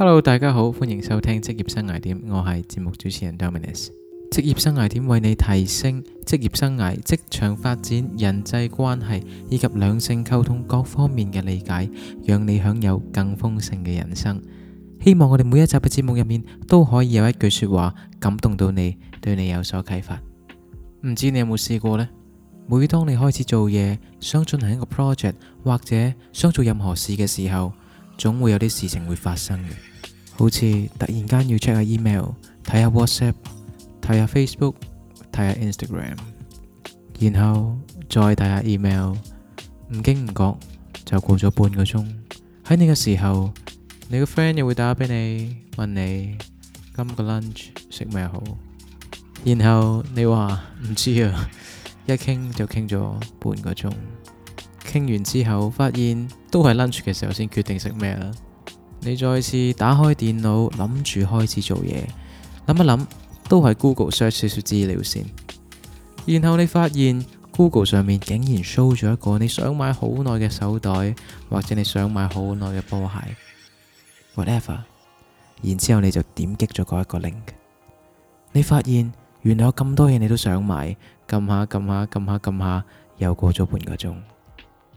Hello，大家好，歡迎收聽職業生涯點，我係節目主持人 Dominus。職業生涯點為你提升職業生涯、職場發展、人際關係以及兩性溝通各方面嘅理解，讓你享有更豐盛嘅人生。希望我哋每一集嘅節目入面都可以有一句說話感動到你，對你有所啟發。唔知你有冇試過呢？每當你開始做嘢，想進行一個 project 或者想做任何事嘅時候，總會有啲事情會發生嘅。好似突然間要 check 下 email，睇下 WhatsApp，睇下 Facebook，睇下 Instagram，然後再睇下 email，唔經唔覺就過咗半個鐘。喺你嘅時候，你個 friend 又會打俾你，問你今個 lunch 食咩好，然後你話唔知啊，一傾就傾咗半個鐘，傾完之後發現都係 lunch 嘅時候先決定食咩啦。你再次打開電腦，諗住開始做嘢，諗一諗都係 Google search 少少資料先。然後你發現 Google 上面竟然 show 咗一個你想買好耐嘅手袋，或者你想買好耐嘅波鞋，whatever。然之後你就點擊咗嗰一個 link，你發現原來有咁多嘢你都想買，撳下撳下撳下撳下，又過咗半個鐘。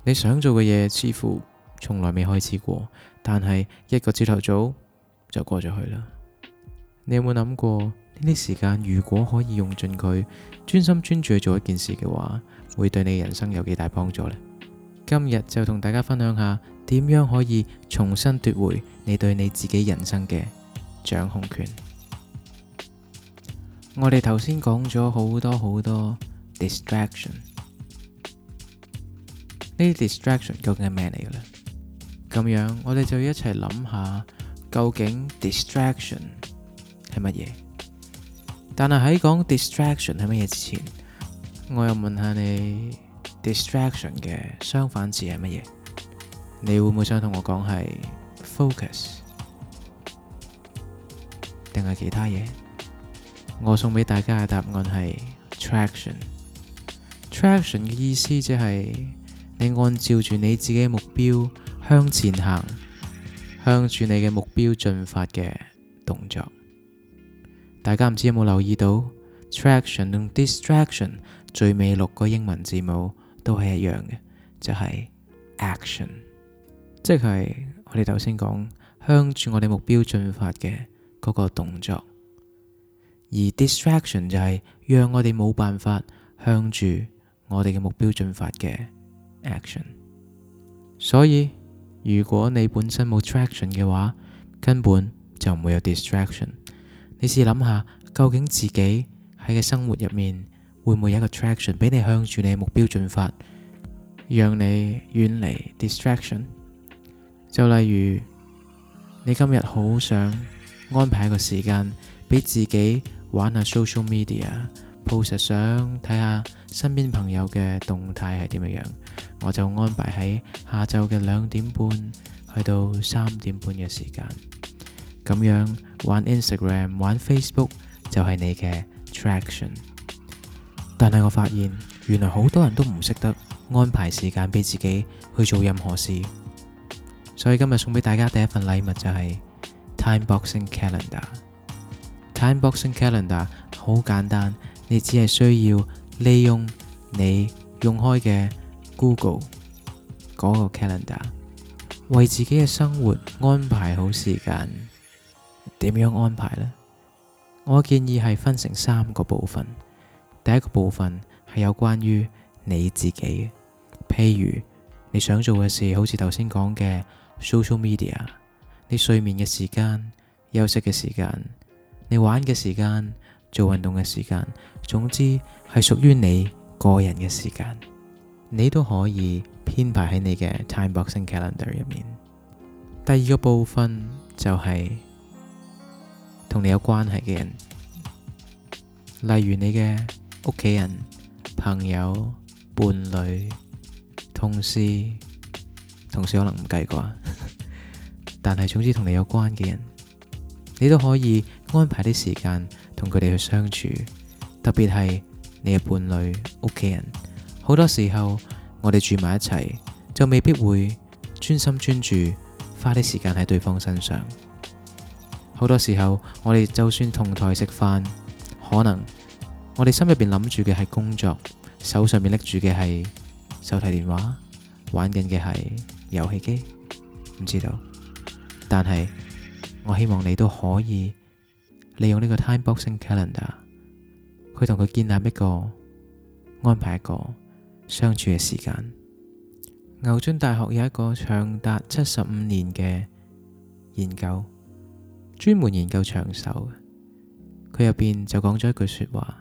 你想做嘅嘢似乎從來未開始過。但係一個朝頭早就過咗去啦。你有冇諗過呢啲時間如果可以用盡佢，專心專注去做一件事嘅話，會對你人生有幾大幫助呢？今日就同大家分享下點樣可以重新奪回你對你自己人生嘅掌控權。我哋頭先講咗好多好多 distraction，呢啲 distraction 究竟係咩嚟嘅呢？咁樣，我哋就一齊諗下究竟 distraction 係乜嘢？但係喺講 distraction 係乜嘢之前，我又問下你，distraction 嘅相反字係乜嘢？你會唔會想同我講係 focus？定係其他嘢？我送俾大家嘅答案係 traction。traction 嘅意思即係你按照住你自己嘅目標。向前行，向住你嘅目標進發嘅動作。大家唔知有冇留意到 traction 同 distraction 最尾六個英文字母都係一樣嘅，就係 action，即係我哋頭先講向住我哋目標進發嘅嗰個動作，而 distraction 就係讓我哋冇辦法向住我哋嘅目標進發嘅 action，所以。如果你本身冇 traction 嘅話，根本就唔會有 distraction。你試諗下，究竟自己喺嘅生活入面會唔會有一個 traction 俾你向住你目標進發，讓你遠離 distraction？就例如，你今日好想安排一個時間俾自己玩下 social media。報實想睇下身邊朋友嘅動態係點樣，我就安排喺下晝嘅兩點半去到三點半嘅時間，咁樣玩 Instagram、玩，Inst 玩 Facebook 就係你嘅 traction。但係我發現，原來好多人都唔識得安排時間俾自己去做任何事，所以今日送俾大家第一份禮物就係、是、Time Boxing Calendar。Time Boxing Calendar 好簡單。你只係需要利用你用開嘅 Google 嗰個 Calendar，為自己嘅生活安排好時間。點樣安排呢？我建議係分成三個部分。第一個部分係有關於你自己嘅，譬如你想做嘅事，好似頭先講嘅 Social Media，你睡眠嘅時間、休息嘅時間、你玩嘅時間。做運動嘅時間，總之係屬於你個人嘅時間，你都可以編排喺你嘅 Time Boxing Calendar 入面。第二個部分就係同你有關係嘅人，例如你嘅屋企人、朋友、伴侶、同事，同事可能唔計啩， 但係總之同你有關嘅人，你都可以安排啲時間。同佢哋去相處，特別係你嘅伴侶、屋企人，好多時候我哋住埋一齊就未必會專心專注，花啲時間喺對方身上。好多時候我哋就算同台食飯，可能我哋心入邊諗住嘅係工作，手上面拎住嘅係手提電話，玩緊嘅係遊戲機，唔知道。但係我希望你都可以。利用呢個 Time Boxing Calendar，去同佢建立一個安排一個相處嘅時間。牛津大學有一個長達七十五年嘅研究，專門研究長壽。佢入邊就講咗一句說話：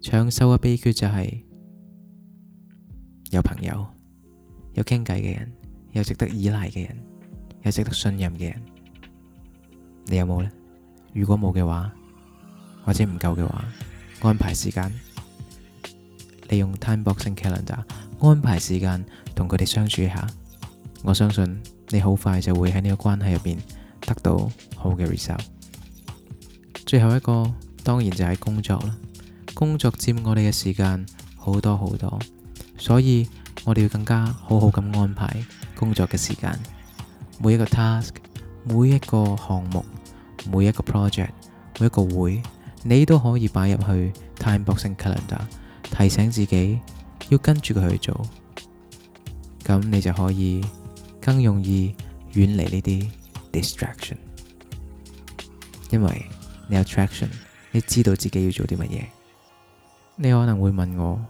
長壽嘅秘訣就係有朋友，有傾偈嘅人，有值得依賴嘅人，有值得信任嘅人。你有冇呢？如果冇嘅話，或者唔夠嘅話，安排時間，利用 Timeboxing Calendar 安排時間同佢哋相處下。我相信你好快就會喺呢個關係入邊得到好嘅 result。最後一個當然就係工作啦，工作佔我哋嘅時間好多好多，所以我哋要更加好好咁安排工作嘅時間，每一個 task，每一個項目。每一個 project，每一個會，你都可以擺入去 timeboxing calendar，提醒自己要跟住佢去做，咁你就可以更容易遠離呢啲 distraction，因為你有 traction，你知道自己要做啲乜嘢。你可能會問我，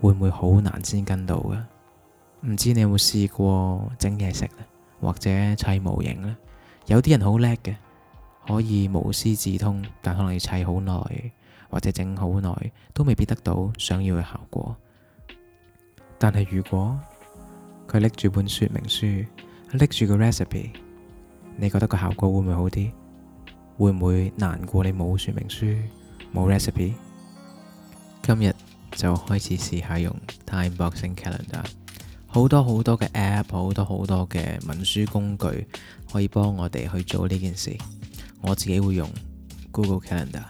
會唔會好難先跟到㗎？唔知你有冇試過整嘢食咧，或者砌模型咧？有啲人好叻嘅。可以無師自通，但可能要砌好耐，或者整好耐，都未必得到想要嘅效果。但係如果佢拎住本説明書，拎住個 recipe，你覺得個效果會唔會好啲？會唔會難過？你冇説明書，冇 recipe？今日就開始試下用 Timeboxing Calendar，好多好多嘅 app，好多好多嘅文書工具，可以幫我哋去做呢件事。我自己會用 Google Calendar，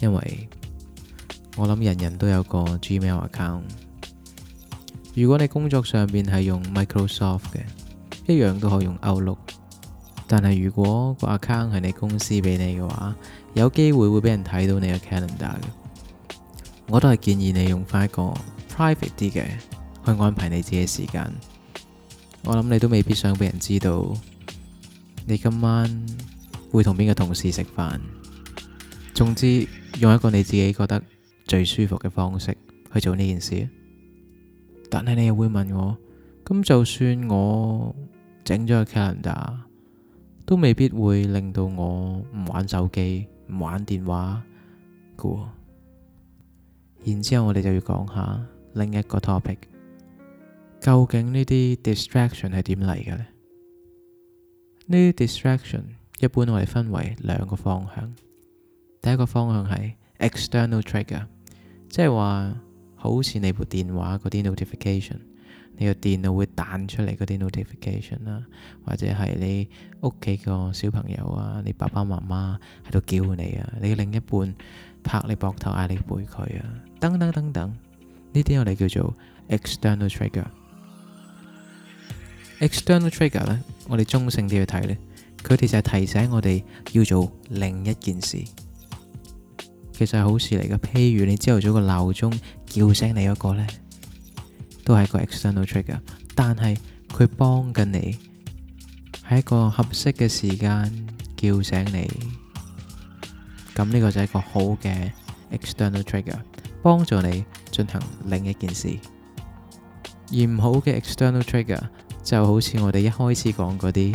因為我諗人人都有個 Gmail account。如果你工作上邊係用 Microsoft 嘅，一樣都可以用 Outlook。但係如果個 account 係你公司俾你嘅話，有機會會俾人睇到你嘅 calendar 嘅。我都係建議你用翻一個 private 啲嘅，去安排你自己時間。我諗你都未必想俾人知道，你今晚，會同邊個同事食飯？總之用一個你自己覺得最舒服嘅方式去做呢件事。但係你又會問我，咁就算我整咗個 calendar，都未必會令到我唔玩手機、唔玩電話嘅。Good. 然之後我哋就要講下另一個 topic，究竟呢啲 distraction 係點嚟嘅？呢啲 distraction。一般我哋分為兩個方向，第一個方向係 external trigger，即係話好似你部電話嗰啲 notification，你個電腦會彈出嚟嗰啲 notification 啦，或者係你屋企個小朋友啊，你爸爸媽媽喺度叫你啊，你另一半拍你膊頭嗌你背佢啊，等等等等，呢啲我哋叫做 external trigger。external trigger 呢，我哋中性啲去睇呢。佢哋就係提醒我哋要做另一件事，其實係好事嚟嘅。譬如你朝頭早個鬧鐘叫醒你嗰個呢，都係個 external trigger，但係佢幫緊你，喺一個合適嘅時間叫醒你，咁呢個就係一個好嘅 external trigger，幫助你進行另一件事。而唔好嘅 external trigger 就好似我哋一開始講嗰啲。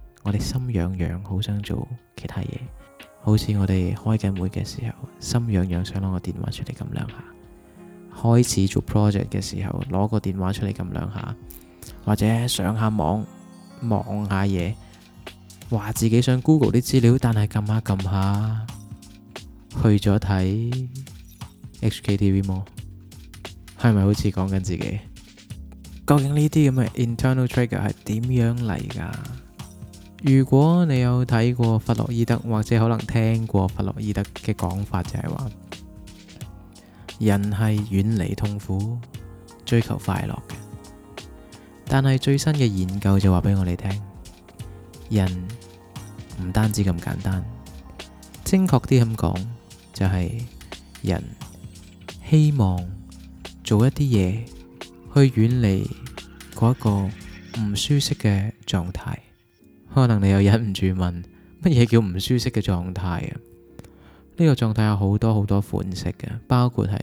我哋心癢癢，好想做其他嘢，好似我哋開緊會嘅時候，心癢癢想攞個電話出嚟撳兩下；開始做 project 嘅時候，攞個電話出嚟撳兩下，或者上下網望下嘢，話自己想 Google 啲資料，但係撳下撳下去咗睇 HKTVmall，係咪好似講緊自己？究竟呢啲咁嘅 internal trigger 係點樣嚟噶？如果你有睇過弗洛伊德，或者可能聽過弗洛伊德嘅講法，就是，就係話人係遠離痛苦、追求快樂嘅。但係最新嘅研究就話俾我哋聽，人唔單止咁簡單，精確啲咁講，就係、是、人希望做一啲嘢去遠離嗰一個唔舒適嘅狀態。可能你又忍唔住問乜嘢叫唔舒適嘅狀態啊？呢個狀態有好多好多款式嘅，包括係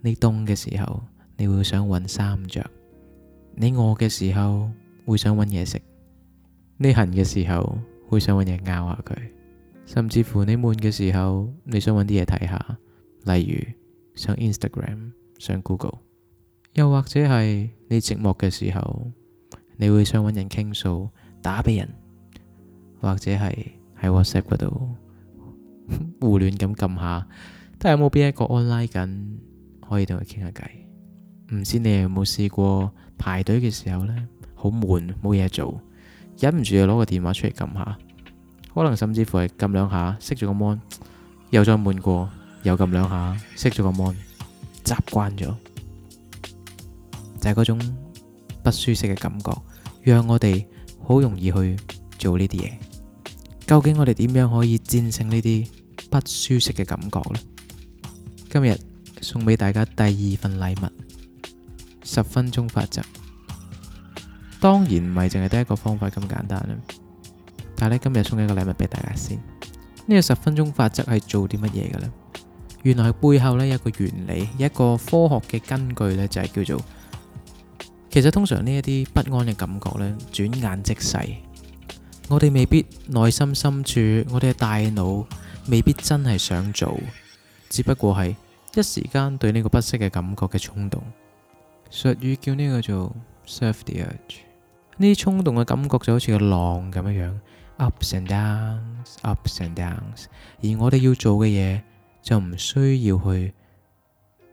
你凍嘅時候你會想揾衫着，你餓嘅時候會想揾嘢食，你痕嘅時候會想揾嘢咬下佢，甚至乎你悶嘅時候你想揾啲嘢睇下，例如上 Instagram、上 Google，又或者係你寂寞嘅時候你會想揾人傾訴，打俾人。或者係喺 WhatsApp 嗰度 胡亂咁撳下，睇下有冇邊一個 online 緊，可以同佢傾下偈。唔知你有冇試過排隊嘅時候呢？好悶，冇嘢做，忍唔住就攞個電話出嚟撳下。可能甚至乎係撳兩下熄咗個 mon，又再悶過，又撳兩下熄咗個 mon，習慣咗，就係、是、嗰種不舒適嘅感覺，讓我哋好容易去做呢啲嘢。究竟我哋點樣可以戰勝呢啲不舒適嘅感覺呢？今日送俾大家第二份禮物，十分鐘法則。當然唔係淨係得一個方法咁簡單啦。但係今日送一個禮物俾大家先。呢個十分鐘法則係做啲乜嘢嘅呢？原來係背後呢，有個原理，一個科學嘅根據呢，就係叫做，其實通常呢一啲不安嘅感覺呢，轉眼即逝。我哋未必內心深處，我哋嘅大腦未必真係想做，只不過係一時間對呢個不適嘅感覺嘅衝動。術語叫呢個做 surf the urge。呢啲衝動嘅感覺就好似個浪咁樣，ups and downs，ups and downs。而我哋要做嘅嘢就唔需要去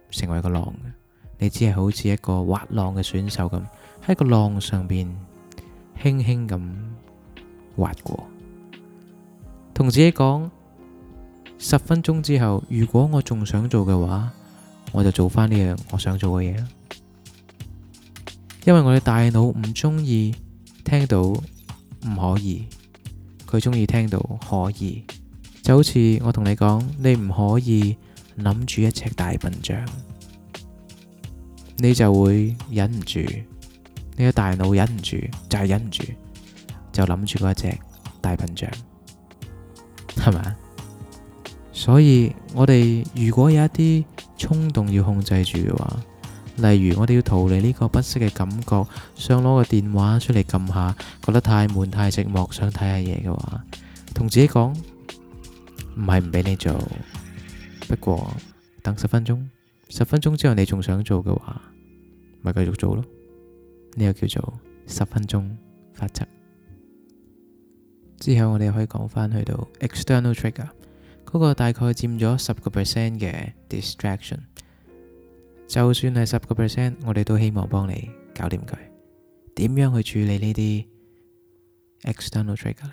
成為個浪，你只係好似一個滑浪嘅選手咁喺個浪上邊輕輕咁。滑過，同自己講十分鐘之後，如果我仲想做嘅話，我就做翻呢樣我想做嘅嘢。因為我嘅大腦唔中意聽到唔可以，佢中意聽到可以。就好似我同你講，你唔可以諗住一隻大笨象，你就會忍唔住。你嘅大腦忍唔住，就係忍唔住。就諗住嗰一隻大笨象，係咪？所以我哋如果有一啲衝動要控制住嘅話，例如我哋要逃離呢個不適嘅感覺，想攞個電話出嚟撳下，覺得太悶太寂寞，想睇下嘢嘅話，同自己講唔係唔俾你做，不過等十分鐘，十分鐘之後你仲想做嘅話，咪繼續做咯。呢個叫做十分鐘法則。之後，我哋可以講翻去到 external trigger 嗰個大概佔咗十個 percent 嘅 distraction。就算係十個 percent，我哋都希望幫你搞掂佢。點樣去處理呢啲 external trigger 呢？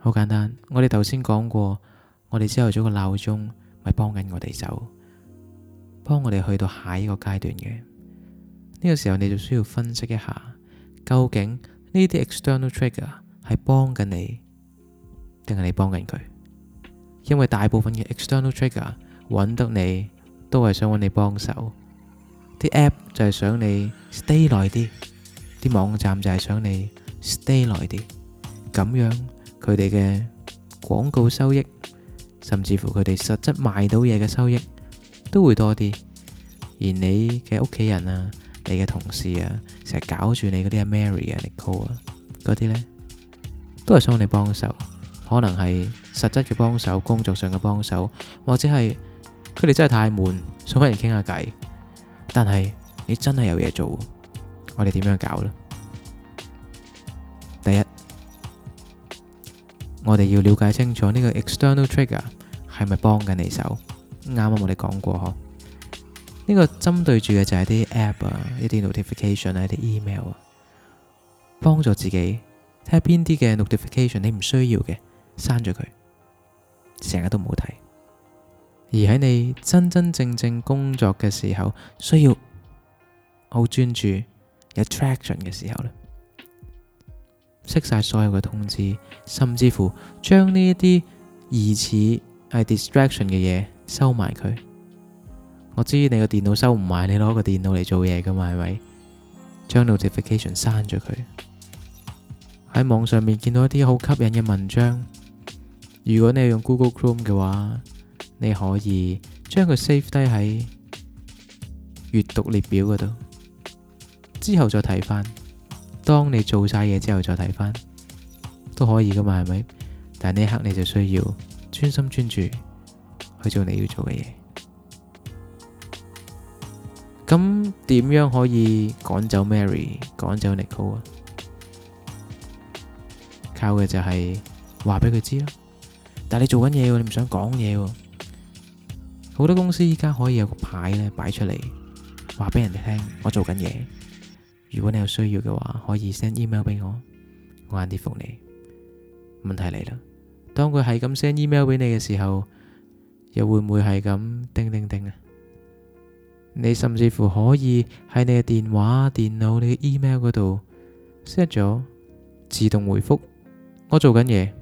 好簡單，我哋頭先講過，我哋之後做個鬧鐘咪幫緊我哋走，幫我哋去到下一個階段嘅呢、呢個時候，你就需要分析一下，究竟呢啲 external trigger。係幫緊你，定係你幫緊佢？因為大部分嘅 external trigger 搵得你，都係想揾你幫手。啲 app 就係想你 stay 耐啲，啲網站就係想你 stay 耐啲。咁樣佢哋嘅廣告收益，甚至乎佢哋實質賣到嘢嘅收益，都會多啲。而你嘅屋企人啊，你嘅同事啊，成日搞住你嗰啲啊，Mary 啊，Nicole 啊，嗰啲咧。都係想你幫手，可能係實質嘅幫手，工作上嘅幫手，或者係佢哋真係太悶，想搵人傾下偈。但係你真係有嘢做，我哋點樣搞咧？第一，我哋要了解清楚呢個 external trigger 係咪幫緊你手？啱啱，我哋講過嗬。呢個針對住嘅就係啲 app 啊，一啲 notification 啊，一啲 email 啊，幫助自己。睇下邊啲嘅 notification 你唔需要嘅，刪咗佢，成日都冇睇。而喺你真真正正工作嘅時候，需要好專注、attraction 嘅時候呢，熄晒所有嘅通知，甚至乎將呢一啲疑似係 distraction 嘅嘢收埋佢。我知你個電腦收唔埋，你攞個電腦嚟做嘢㗎嘛？係咪？將 notification 刪咗佢。喺網上面見到一啲好吸引嘅文章，如果你用 Google Chrome 嘅話，你可以將佢 save 低喺閱讀列表嗰度，之後再睇翻。當你做晒嘢之後再睇翻，都可以噶嘛，係咪？但呢一刻你就需要專心專注去做你要做嘅嘢。咁點樣可以趕走 Mary，趕走 Nicole 啊？靠嘅就係話俾佢知囉。但係你做緊嘢，你唔想講嘢。好多公司依家可以有個牌咧擺出嚟，話俾人哋聽我做緊嘢。如果你有需要嘅話，可以 send email 俾我，我晏啲覆你。問題嚟啦，當佢係咁 send email 俾你嘅時候，又會唔會係咁叮叮叮啊？你甚至乎可以喺你嘅電話、電腦、你嘅 email 嗰度 set 咗自動回覆。我做緊嘢，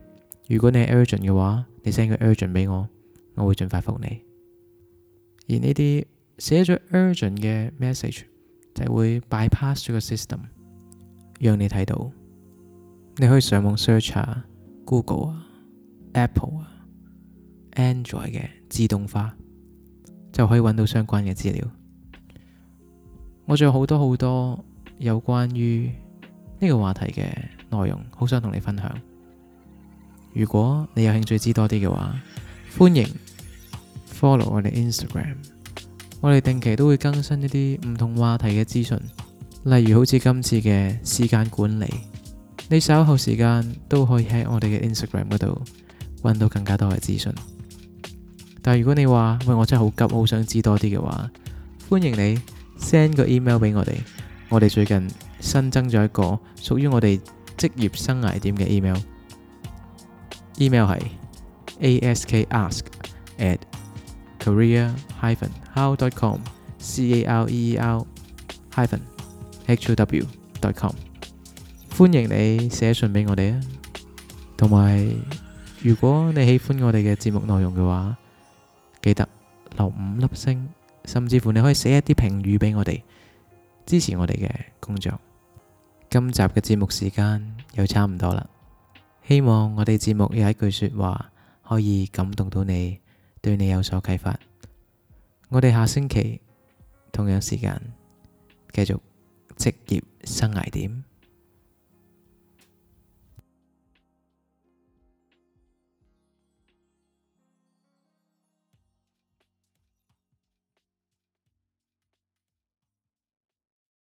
如果你係 urgent 嘅話，你 send 個 urgent 俾我，我會盡快覆你。而呢啲寫咗 urgent 嘅 message 就會 bypass 咗個 system，讓你睇到。你可以上網 search 下 Google 啊，Apple 啊，Android 嘅自動化就可以揾到相關嘅資料。我仲有好多好多有關於呢個話題嘅內容，好想同你分享。如果你有興趣知多啲嘅話，歡迎 follow 我哋 Instagram。我哋定期都會更新一啲唔同話題嘅資訊，例如好似今次嘅時間管理，你稍後時間都可以喺我哋嘅 Instagram 嗰度搵到更加多嘅資訊。但係如果你話喂我真係好急，好想知多啲嘅話，歡迎你 send 個 email 俾我哋。我哋最近新增咗一個屬於我哋職業生涯點嘅 email。email 係 askask@career-how.com，c-a-r-e-e-r-h-o-w.com，歡迎你寫信俾我哋啊，同埋如果你喜歡我哋嘅節目內容嘅話，記得留五粒星，甚至乎你可以寫一啲評語俾我哋，支持我哋嘅工作。今集嘅節目時間又差唔多啦。希望我哋節目有一句說話，可以感動到你，對你有所啟發。我哋下星期同樣時間繼續職業生涯點。